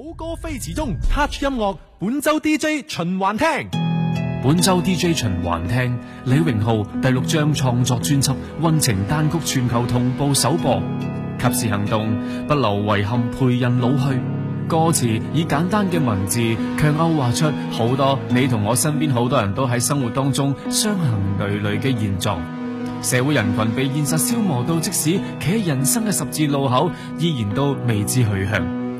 好歌飛馳中，Touch 音樂本周 DJ 循環聽。本周 DJ 循環聽李榮浩第六張創作專輯《溫情單曲》全球同步首播。及時行動，不留遺憾，陪人老去。歌詞以簡單嘅文字，卻勾畫出好多你同我身邊好多人都喺生活當中傷痕累累嘅現狀。社會人群被現實消磨到，即使企喺人生嘅十字路口，依然都未知去向。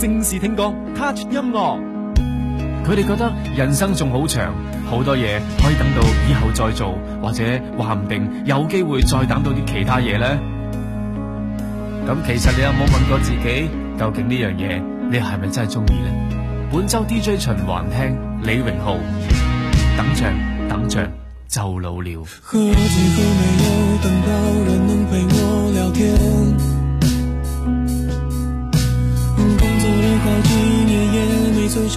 正式聽歌 Touch 音樂，佢哋覺得人生仲好長，好多嘢可以等到以後再做，或者話唔定有機會再等到啲其他嘢呢。咁其實你有冇問過自己，究竟呢樣嘢你係咪真係中意呢？本周 DJ 循環聽李榮浩，等着等着就老了。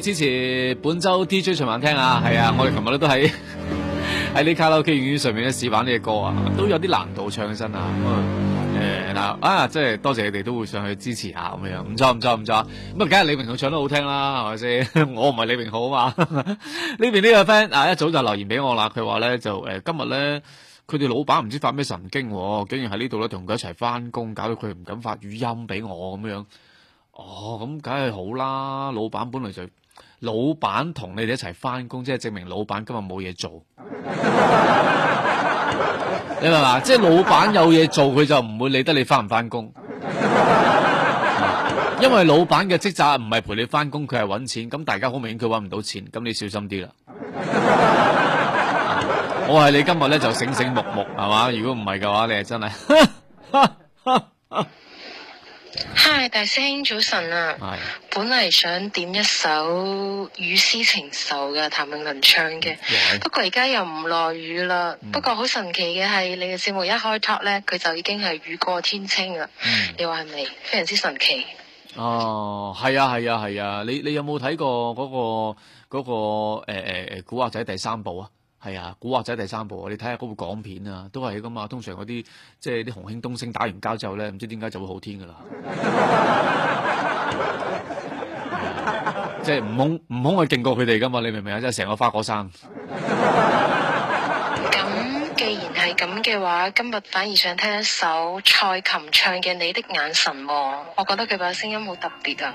支持本周 DJ 循環聽啊，係啊，我哋琴日咧都喺喺呢卡拉 OK 影院上面咧試玩呢隻歌啊，都有啲難度唱起身啊，誒、嗯、嗱、嗯、啊，即係多謝你哋都會上去支持下咁樣，唔錯唔錯唔錯，咁啊梗係李榮浩唱得好聽啦，啊，係咪先？ 我唔係李榮浩啊嘛，呢邊呢個 friend 啊一早就留言俾我啦，佢話咧就誒今日咧佢哋老闆唔知發咩神經，竟然喺呢度咧同佢一齊翻工，搞到佢唔敢發語音俾我咁樣，哦咁梗係好啦，老闆本來就。老闆同你哋一齊翻工，即係證明老闆今日冇嘢做。 你明嘛？即係老闆有嘢做，佢就唔會理得你翻唔翻工。因為老闆嘅職責唔係陪你翻工，佢係搵錢。咁大家好明顯，佢搵唔到錢，咁你小心啲啦、 嗯。我係你今日咧就醒醒目目，係嘛？如果唔係嘅話，你係真係。 嗨，大師兄早晨啊！啊本嚟想點一首雨絲情愁嘅譚詠麟唱嘅，啊，不過而家又唔落雨啦，嗯。不過好神奇嘅係，你嘅節目一開 top 咧，佢就已經係雨過天青啦，嗯。你話係咪非常之神奇？哦，係啊，係啊，係啊，啊！你你有冇睇過嗰，嗰個，嗰個誒誒，呃《古惑仔》第三部啊？係啊，古惑仔第三部，我哋睇下嗰部港片啊，都係㗎嘛。通常嗰啲即係啲洪興東星打完交之後咧，唔知點解就會好天㗎啦。即係唔好，唔好去勁過佢哋㗎嘛？你明唔明啊？即係成個花果山。咁既然係咁嘅話，今日反而想聽一首蔡琴唱嘅《你的眼神》喎，哦，我覺得佢把聲音好特別啊。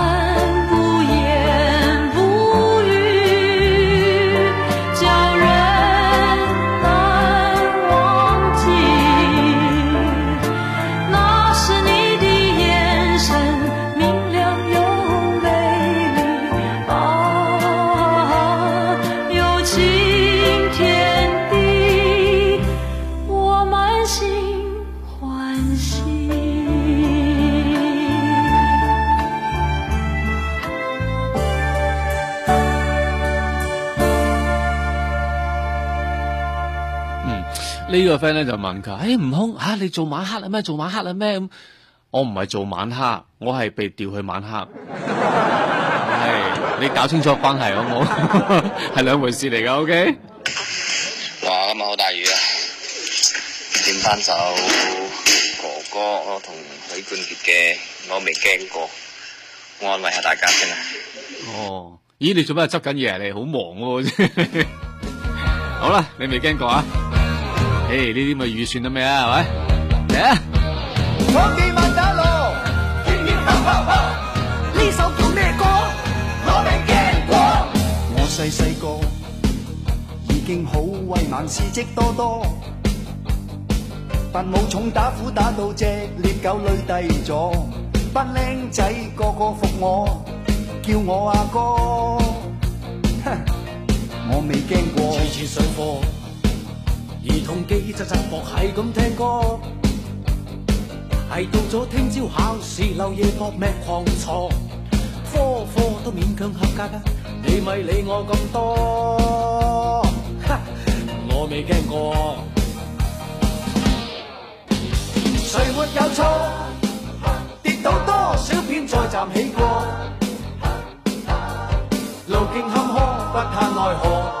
呢、這個 friend 咧就問佢，誒、哎，悟空嚇、啊，你做晚黑啦咩？做晚黑啦咩？咁我唔係做晚黑，我係被調去晚黑。係， 你搞清楚關係好冇？係 兩回事嚟㗎。OK。哇，今日好大雨啊！點翻首哥哥同許冠傑嘅，我未驚過，安慰下大家先啊。哦，咦，你做咩執緊嘢你好忙喎、啊！ 好啦，你未驚過啊？唉，呢啲咪預算得咩啊？係咪？嚟啊！我幾萬打爐，天天打泡泡，呢首叫咩歌？我未驚過。我細細個已經好威猛，事跡多多。扮武重打虎，打到隻獵狗累低咗。班靚仔個個服我，叫我阿哥。哼，我未驚過，次次上兒童機仔振作係咁聽歌，係到咗聽朝考試，漏夜搏命狂嘈，科科都勉強合格啦，啊，你咪理我咁多，哈，我未驚過。誰沒有錯？跌倒多少遍再站起過，路徑坎坷，坷不嘆奈何。.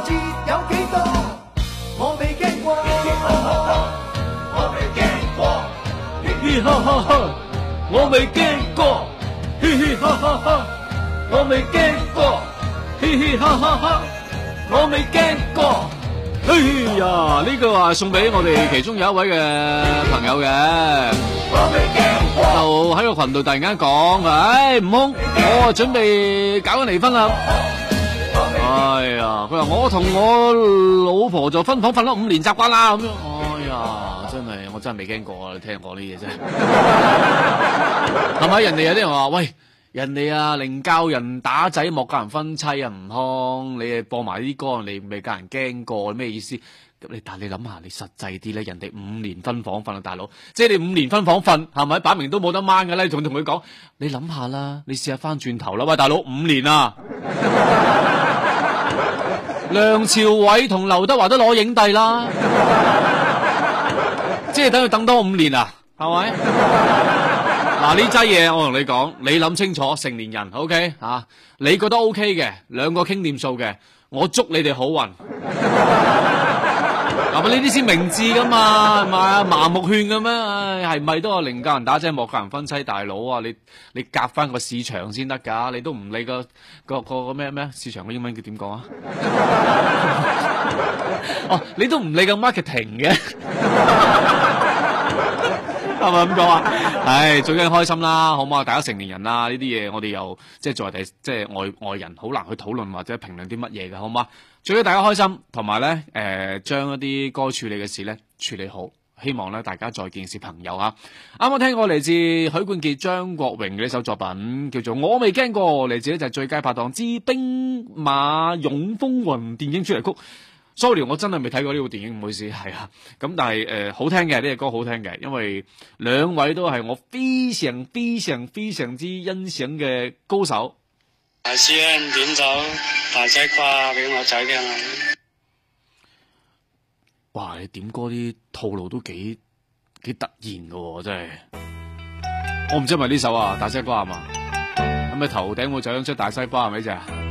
嘻嘻哈哈我未沒驚怕過。嘻嘻哈哈哈，我未沒驚怕過。嘻嘻哈哈哈，我未沒驚怕過。 沒怕 哎呀，呢句話送俾我哋其中有一位嘅朋友嘅。我未驚過。就喺個群度突然間講，唉，唔好、哎，我準備搞緊離婚啦。哎呀，佢話我同我老婆就分房瞓咗五年習慣啦，咁樣。哎呀。真係，我真係未驚過啊！你聽過呢嘢啫，係咪？ 人哋有啲人話，喂，人哋啊，寧教人打仔，莫教人分妻啊！唔通，你啊播埋啲歌，你未教人驚過咩意思？咁你但你諗下，你實際啲咧，人哋五年分房瞓啊，大佬，即係你五年分房瞓，係咪？擺明都冇得掹噶啦，仲同佢講，你諗下啦，你試下翻轉頭啦，喂，大佬，五年啊， 梁朝偉同劉德華都攞影帝啦。 即係等佢等多五年啊，係咪？嗱呢劑嘢我同你講，你諗清楚，成年人，OK？吓、啊，你覺得 OK 嘅，兩個傾掂數嘅，我祝你哋好運。嗱、 啊，呢啲先明智噶嘛，係咪啊？盲目勸嘅咩？係、哎、咪都係寧教人打啫，莫教人分妻大佬啊！你你夾翻個市場先得噶，你都唔理個個個咩咩市場嘅英文叫點講啊？ 哦，你都唔理個 marketing 嘅，係咪咁講？啊唉、哎，最緊要開心啦，好唔好啊？大家成年人啦，呢啲嘢我哋又即係作為即係外外人，好難去討論或者評論啲乜嘢嘅，好唔好，最緊要大家開心，同埋咧，誒、呃，將一啲該處理嘅事咧處理好，希望咧大家再見是朋友啊！啱啱聽過嚟自許冠傑、張國榮嘅呢首作品叫做《我未驚過》，嚟自呢就係、是《最佳拍檔之兵馬俑風雲》電影主題曲。Sorry, 我真係未睇過呢部電影，唔好意思，係啊，咁但係誒、呃、好聽嘅，呢、這、隻、個、歌好聽嘅，因為兩位都係我非常非常非常之欣賞嘅高手。大師兄，點首大西瓜俾我仔聽啊！哇，你點歌啲套路都幾幾突然噶喎、哦，真係。我唔知係咪呢首啊？大西瓜係嘛？咁嘅頭頂會長出大西瓜係咪啊？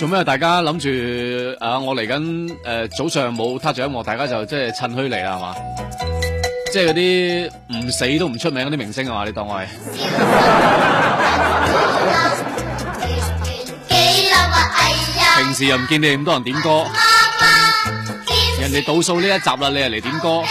做咩？大家諗住啊，我嚟緊誒早上冇他唱音樂，大家就即係趁墟嚟啦，係嘛？即係嗰啲唔死都唔出名嗰啲明星係嘛？你當我係？ 平時又唔見你咁多人點歌，人哋倒數呢一集啦，你又嚟點歌？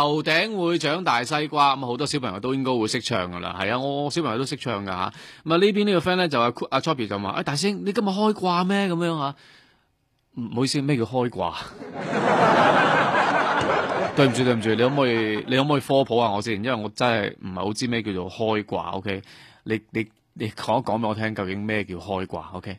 頭頂會長大西瓜，咁好多小朋友都應該會識唱噶啦。係啊，我小朋友都識唱噶吓。咁啊呢邊呢個 friend 咧就阿阿 Choppy 就話：哎、啊啊啊啊，大聲你今日開掛咩？咁樣吓，啊，唔好意思，咩叫開掛？ 對唔住，對唔住，你可唔可以你可唔可以科普下我先？因爲我真係唔係好知咩叫做開掛。OK，你你你講一講俾我聽，究竟咩叫開掛？OK。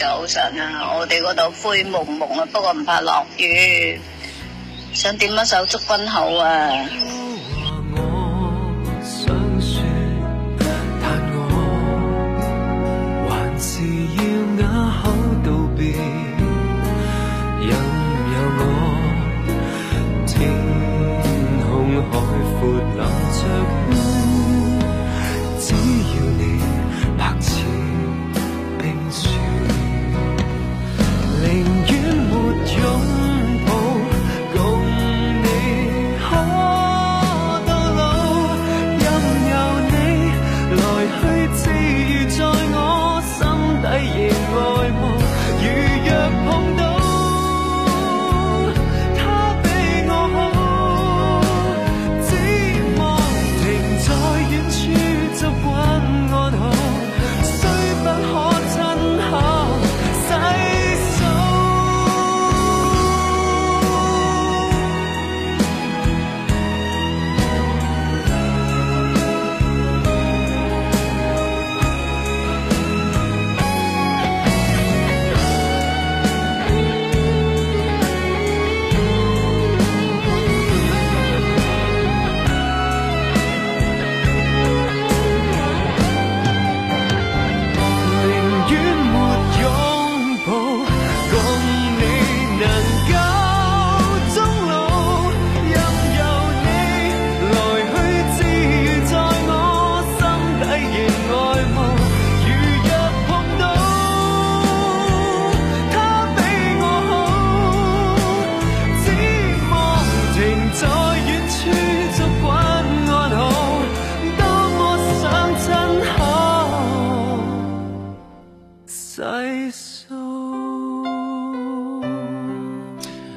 早晨啊，我哋嗰度灰蒙蒙啊，不過唔怕落雨，想點一首《祝君好》啊。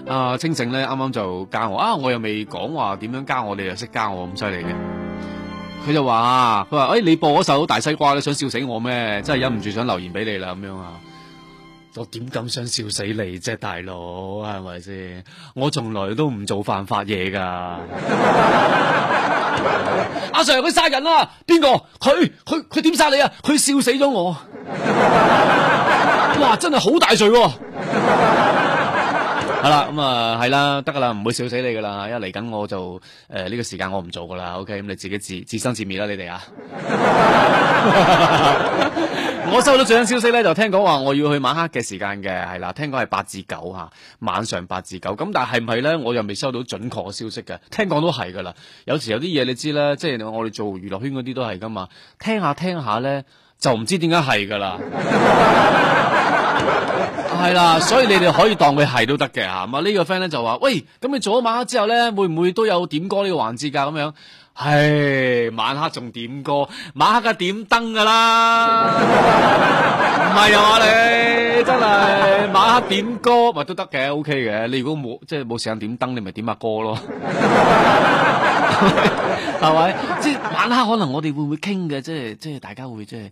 啊！清醒咧，啱啱就教我啊！我又未講話點樣教我，你又識教我咁犀利嘅？佢就話：佢話誒，你播嗰首大西瓜你想笑死我咩？真係忍唔住想留言俾你啦，咁樣啊！我點敢想笑死你啫，大佬係咪先？我從來都唔做犯法嘢㗎。 阿 Sir，佢殺人啦！邊個？佢佢佢點殺你啊？佢笑死咗我。 哇！真係好大罪喎。係啦，咁啊，係 啦、 嗯，得噶啦，唔、嗯嗯、會笑死你噶啦。一嚟緊我就誒呢、呃這個時間我唔做噶啦。OK，咁你自己自自生自滅啦，你哋啊。 我收到最新消息咧，就聽講話我要去晚黑嘅時間嘅，係啦，聽講係八至九吓、啊，晚上八至九、嗯。咁但係係唔係咧？我又未收到準確嘅消息嘅，聽講都係噶啦。有時有啲嘢你知啦，即、就、係、是、我哋做娛樂圈嗰啲都係噶嘛，聽下聽下咧。就唔知點解係㗎啦，係 啦、啊，所以你哋可以當佢係都得嘅吓嘛？呢、啊呢個 friend 咧就話，喂，咁你做咗晚黑之後咧，會唔會都有點歌呢個環節㗎？咁樣，唉，晚黑仲點歌？晚黑嘅點燈㗎啦，唔係啊話你真係晚黑點歌咪都得嘅，OK 嘅。你如果冇即係冇時間點燈，你咪點下、啊、歌咯，係 咪？ 即、就、係、是、晚黑可能我哋會唔會傾嘅？即係即係大家會即係。就是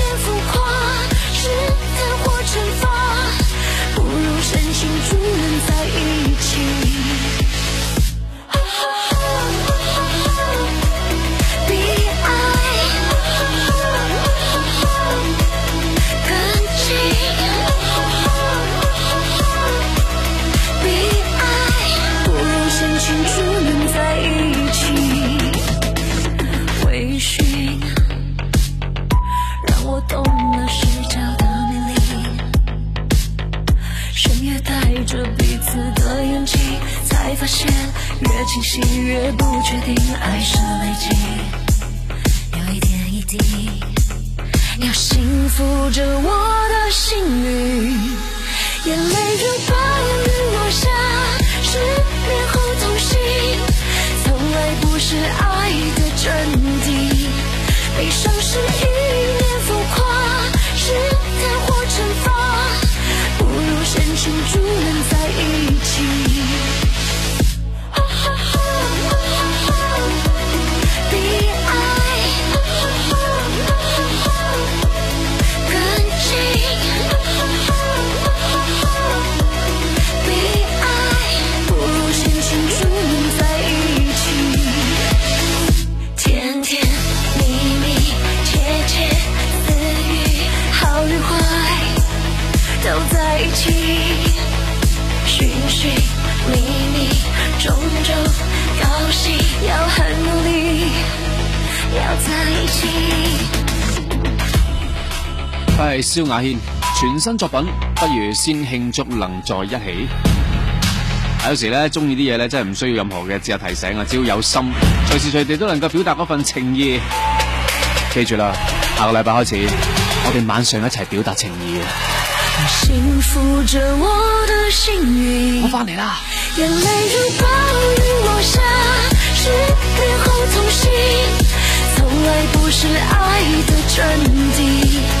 蕭亞軒全新作品，不如先慶祝能在一起。有時呢，鍾意啲嘢咧真係唔需要任何嘅節日提醒啊，只要有心，隨時隨地都能夠表達嗰份情意。記住啦，下個禮拜開始，我哋晚上一齊表達情意啊。幸福着我的幸運，我返嚟啦，眼淚如暴雨落下，天時刻後痛心，從來不是愛的真諦。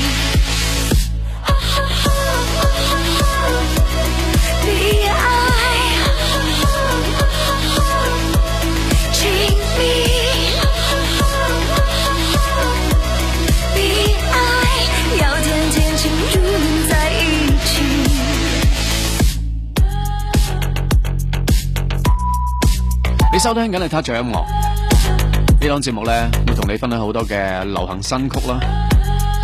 收聽緊你 touch 音樂呢檔節目咧，會同你分享好多嘅流行新曲啦，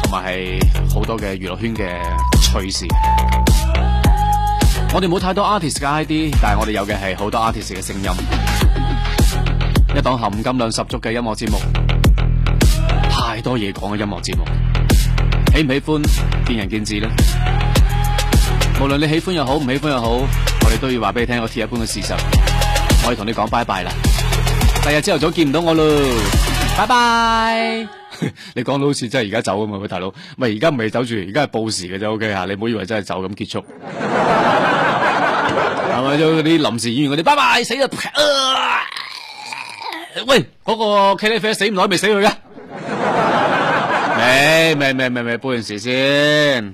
同埋係好多嘅娛樂圈嘅趣事。我哋冇太多 artist 嘅 ID，但係我哋有嘅係好多 artist 嘅聲音。一檔含金量十足嘅音樂節目，太多嘢講嘅音樂節目，喜唔喜歡見仁見智啦。無論你喜歡又好，唔喜歡又好，我哋都要話俾你聽個鐵一般嘅事實。可以同你講拜拜啦，第日朝頭早見唔到我咯，拜拜。你講到好似真係而家走咁嘛，喂，大佬，咪而家唔係走住，而家係報時嘅啫，OK 吓，你唔好以為真係走咁結束，係咪？咁嗰啲臨時演員，我哋拜拜，死啦！喂，嗰個 Kiki 死唔耐未死佢啊？未未未未未報完時先。